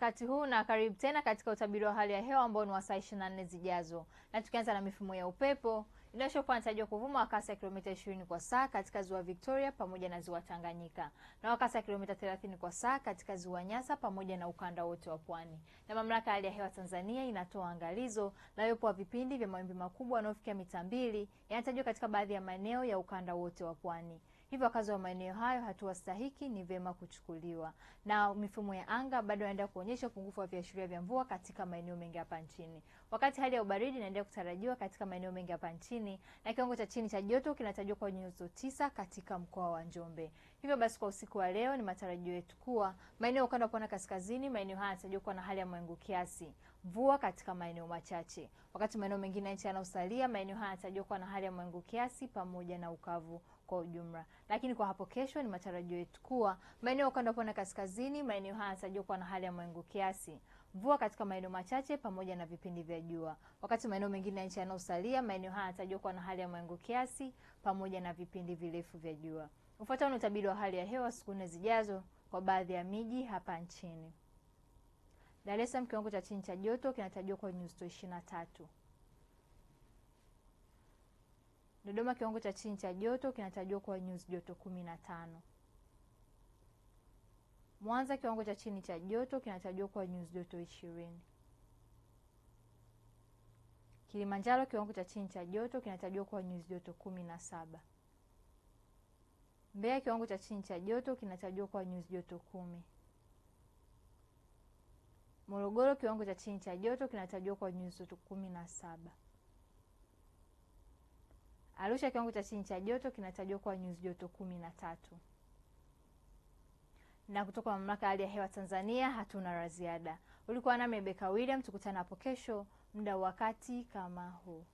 Wakati huu na karibu tena katika utabiri wa hali ya hewa ambao ni wa saa 24 zijazo. Na tukianza na mifumo ya upepo inayosho kuwa inatarajiwa kuvuma kwa kasi ya kilomita 20 kwa saa katika ziwa Victoria pamoja na ziwa Tanganyika na kwa kasi ya kilomita 30 kwa saa katika ziwa Nyasa pamoja na ukanda wote wa pwani. Na mamlaka ya hali ya hewa Tanzania inatoa angalizo la uwepo wa vipindi vya mawimbi makubwa yanayofikia mita mbili yanatarajiwa katika baadhi ya maeneo ya ukanda wote wa pwani. Hivyo wakazi wa maeneo hayo, hatua stahiki ni vyema kuchukuliwa. Na mifumo ya anga bado inaendelea kuonyesha upungufu wa viashiria vya mvua katika maeneo mengi hapa nchini, wakati hali ya ubaridi inaendelea kutarajiwa katika maeneo mengi hapa nchini, na kiwango cha chini cha joto kinatarajiwa kwa nyuzi tisa katika mkoa wa Njombe. Hivyo basi, kwa usiku wa leo, ni matarajio yetu kuwa maeneo ya ukanda wa pwani kaskazini, maeneo haya yanatarajiwa kuwa na hali ya mawingu kiasi, mvua katika maeneo machache, wakati maeneo mengine ya nchi yanayosalia, maeneo haya yanatarajiwa kuwa na hali ya mawingu kiasi pamoja na ukavu kwa ujumla. Lakini kwa hapo kesho, ni matarajio yetu kuwa maeneo ya ukanda wa kaskazini, maeneo haya yanatarajiwa kuwa na hali ya mawingu kiasi, mvua katika maeneo machache pamoja na vipindi vya jua, wakati maeneo mengine ya nchi yanayosalia, maeneo haya yanatarajiwa kuwa na hali ya mawingu kiasi pamoja na vipindi virefu vya jua. Ufuatao ni utabiri wa hali ya hewa siku nne zijazo kwa baadhi ya miji hapa nchini. Dar es Salaam, kiwango cha chini cha joto kinatarajiwa kwa nyuzi joto ishirini na tatu. Dodoma kiwango cha chini cha joto kinatajwa kuwa nyuzi joto kumi na tano. Mwanza kiwango cha chini cha joto kinatajwa kuwa nyuzi joto ishirini. Kilimanjaro kiwango cha chini cha joto kinatajwa kuwa nyuzi joto kumi na saba. Mbeya kiwango cha chini cha joto kinatajwa kuwa nyuzi joto kumi. Morogoro kiwango cha chini cha joto kinatajwa kuwa nyuzi joto kumi na saba. Arusha kiwango cha chini cha joto kinatajwa kuwa nyuzi joto kumi na tatu. Na kutoka mamlaka ya hali ya hewa Tanzania hatuna la ziada. Ulikuwa nami Rebecca William, tukutana hapo kesho muda wakati kama huu.